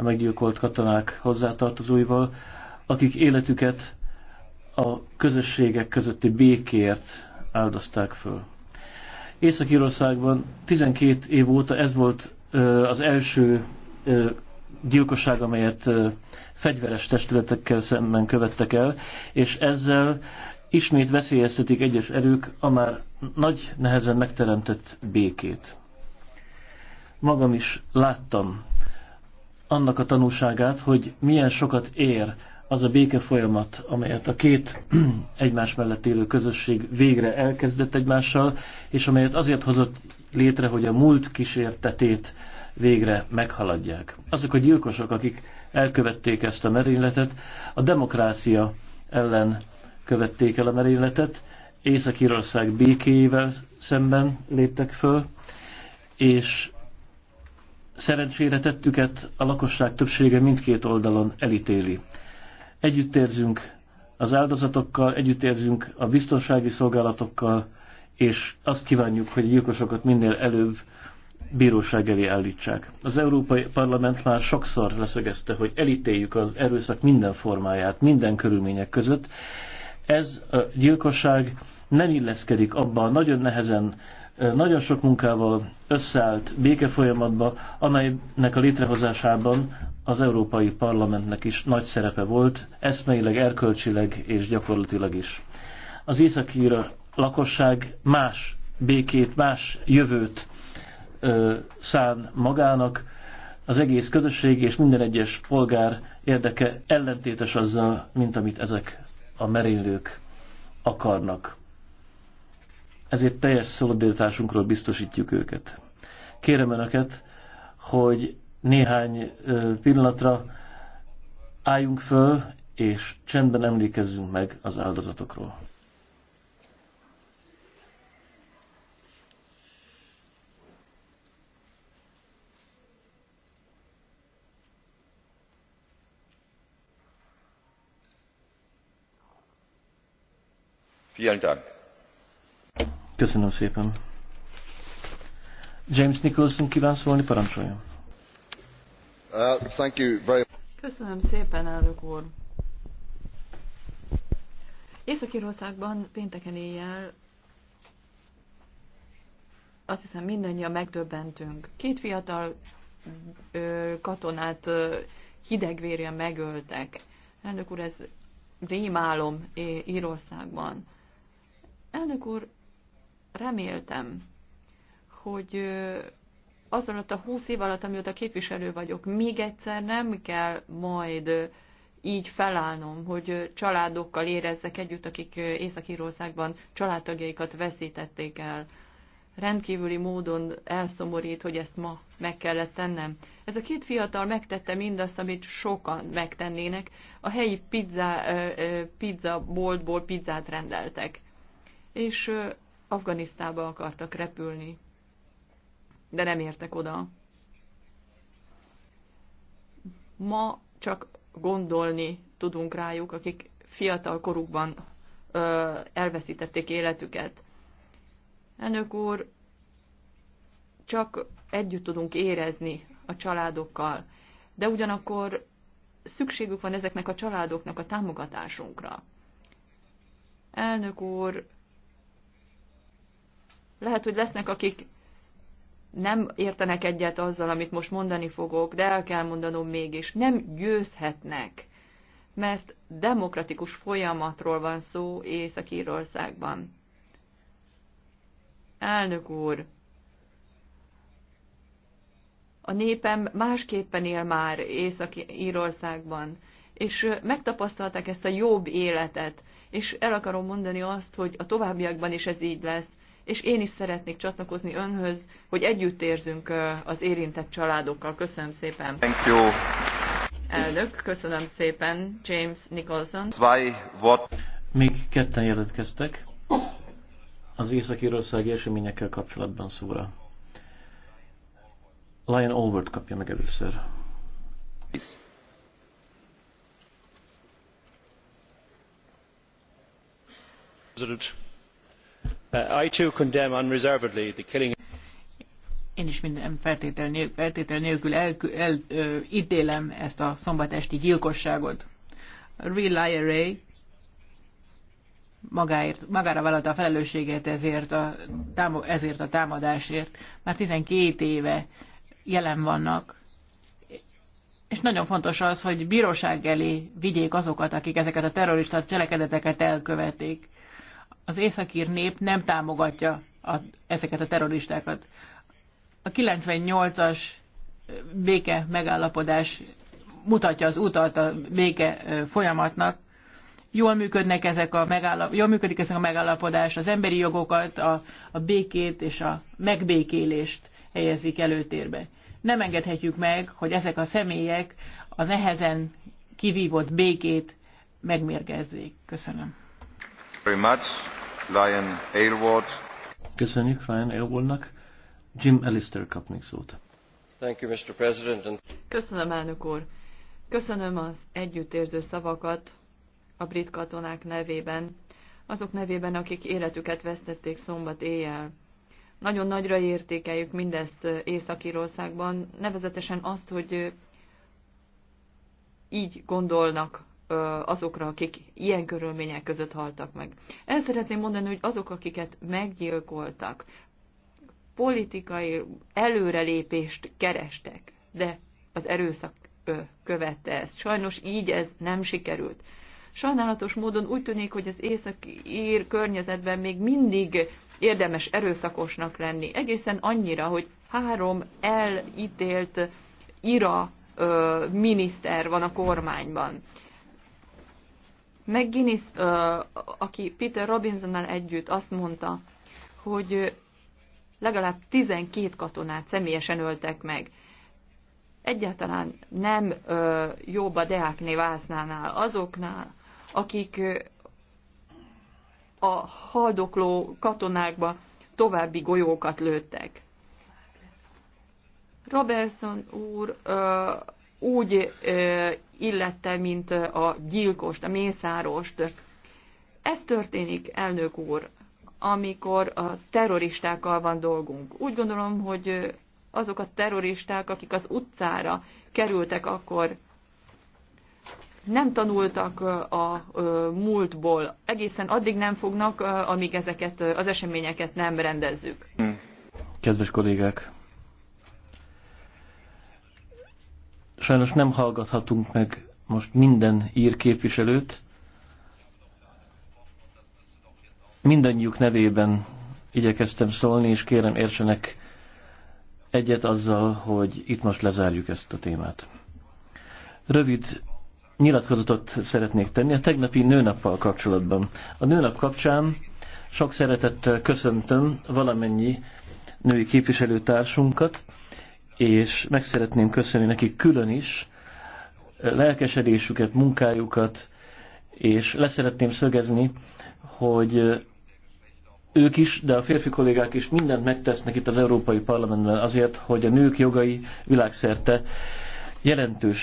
a meggyilkolt katonák hozzátartozóival, akik életüket a közösségek közötti békért áldozták föl. Észak-Írországban 12 év óta ez volt az első gyilkosság, amelyet fegyveres testületekkel szemben követtek el, és ezzel ismét veszélyeztetik egyes erők a már nagy nehezen megteremtett békét. Magam is láttam annak a tanúságát, hogy milyen sokat ér az a béke folyamat, amelyet a két egymás mellett élő közösség végre elkezdett egymással, és amelyet azért hozott létre, hogy a múlt kísértetét végre meghaladják. Azok a gyilkosok, akik elkövették ezt a merényletet, a demokrácia ellen követték el a merényletet, Észak-Írország békéjével szemben léptek föl, és Szerencsére tettüket a lakosság többsége mindkét oldalon elítéli. Együttérzünk az áldozatokkal, együttérzünk a biztonsági szolgálatokkal, és azt kívánjuk, hogy a gyilkosokat minél előbb bíróság elé állítsák. Az Európai Parlament már sokszor leszögezte, hogy elítéljük az erőszak minden formáját, minden körülmények között. Ez a gyilkosság nem illeszkedik abba a nagyon nehezen nagyon sok munkával összeállt békefolyamatba, amelynek a létrehozásában az Európai Parlamentnek is nagy szerepe volt, eszmeileg, erkölcsileg és gyakorlatilag is. Az északír lakosság más békét, más jövőt ö, szán magának, az egész közösség és minden egyes polgár érdeke ellentétes azzal, mint amit ezek a merénylők akarnak ezért teljes szolidaritásunkról biztosítjuk őket. Kérem Önöket, hogy néhány pillanatra álljunk föl, és csendben emlékezzünk meg az áldozatokról. Vielen Dank. Köszönöm szépen. James Nicholson kíván szólni, parancsoljon. Uh, thank you very... Köszönöm szépen, elnök úr. Észak-Írországban pénteken éjjel azt hiszem mindannyian megdöbbentünk. Két fiatal ö, katonát ö, hidegvérjen megöltek. Elnök úr, ez rémálom Írországban. Elnök úr, reméltem, hogy az alatt a húsz év alatt, amióta képviselő vagyok, még egyszer nem kell majd így felállnom, hogy családokkal érezzek együtt, akik Észak-Írországban családtagjaikat veszítették el. Rendkívüli módon elszomorít, hogy ezt ma meg kellett tennem. Ez a két fiatal megtette mindazt, amit sokan megtennének. A helyi pizza, pizza boltból pizzát rendeltek. És Afganisztába akartak repülni, de nem értek oda. Ma csak gondolni tudunk rájuk, akik fiatal korukban ö, elveszítették életüket. Elnök úr, csak együtt tudunk érezni a családokkal, de ugyanakkor szükségük van ezeknek a családoknak a támogatásunkra. Elnök úr, lehet, hogy lesznek, akik nem értenek egyet azzal, amit most mondani fogok, de el kell mondanom mégis, nem győzhetnek, mert demokratikus folyamatról van szó Észak-Írországban. Elnök úr, a népem másképpen él már Észak-Írországban, és megtapasztalták ezt a jobb életet, és el akarom mondani azt, hogy a továbbiakban is ez így lesz és én is szeretnék csatlakozni önhöz, hogy együtt érzünk az érintett családokkal. Köszönöm szépen. Thank you. Elnök, köszönöm szépen, James Nicholson. Zwei Wort. Még ketten jelentkeztek az Észak-Írországi eseményekkel kapcsolatban szóra. Lion Albert kapja meg először. Peace. President. Uh, én is minden feltétel nélkül, feltétel nélkül el, el, ö, ítélem ezt a szombatesti gyilkosságot. Real IRA magáért, magára vállalta a felelősséget ezért a, ezért a támadásért. Már 12 éve jelen vannak. És nagyon fontos az, hogy bíróság elé vigyék azokat, akik ezeket a terrorista cselekedeteket elkövetik az északír nép nem támogatja a, ezeket a terroristákat. A 98-as béke megállapodás mutatja az utat a béke folyamatnak. Jól, működnek ezek a megállap, jól működik ezek a megállapodás, az emberi jogokat, a, a békét és a megbékélést helyezik előtérbe. Nem engedhetjük meg, hogy ezek a személyek a nehezen kivívott békét megmérgezzék. Köszönöm. Very much. Lion Aylward. Köszönjük Ryan Aylwardnak. Jim Alistair kap még szót. Thank you, Mr. President. And... Köszönöm, elnök úr. Köszönöm az együttérző szavakat a brit katonák nevében, azok nevében, akik életüket vesztették szombat éjjel. Nagyon nagyra értékeljük mindezt Észak-Írországban, nevezetesen azt, hogy így gondolnak azokra, akik ilyen körülmények között haltak meg. El szeretném mondani, hogy azok, akiket meggyilkoltak, politikai előrelépést kerestek, de az erőszak követte ezt. Sajnos így ez nem sikerült. Sajnálatos módon úgy tűnik, hogy az észak-ír környezetben még mindig érdemes erőszakosnak lenni. Egészen annyira, hogy három elítélt ira ö, miniszter van a kormányban. McGuinness, aki Peter Robinsonnal együtt azt mondta, hogy legalább 12 katonát személyesen öltek meg. Egyáltalán nem jobb a Deákné Vásznánál, azoknál, akik a haldokló katonákba további golyókat lőttek. Robertson úr úgy illette, mint a gyilkost, a mészárost. Ez történik, elnök úr, amikor a terroristákkal van dolgunk. Úgy gondolom, hogy azok a terroristák, akik az utcára kerültek akkor, nem tanultak a múltból. Egészen addig nem fognak, amíg ezeket az eseményeket nem rendezzük. Kedves kollégák, Sajnos nem hallgathatunk meg most minden ír képviselőt. Mindannyiuk nevében igyekeztem szólni, és kérem értsenek egyet azzal, hogy itt most lezárjuk ezt a témát. Rövid nyilatkozatot szeretnék tenni a tegnapi nőnappal kapcsolatban. A nőnap kapcsán sok szeretettel köszöntöm valamennyi női képviselőtársunkat, és meg szeretném köszönni nekik külön is eh, lelkesedésüket, munkájukat, és leszeretném szögezni, hogy eh, ők is, de a férfi kollégák is mindent megtesznek itt az Európai Parlamentben azért, hogy a nők jogai világszerte jelentős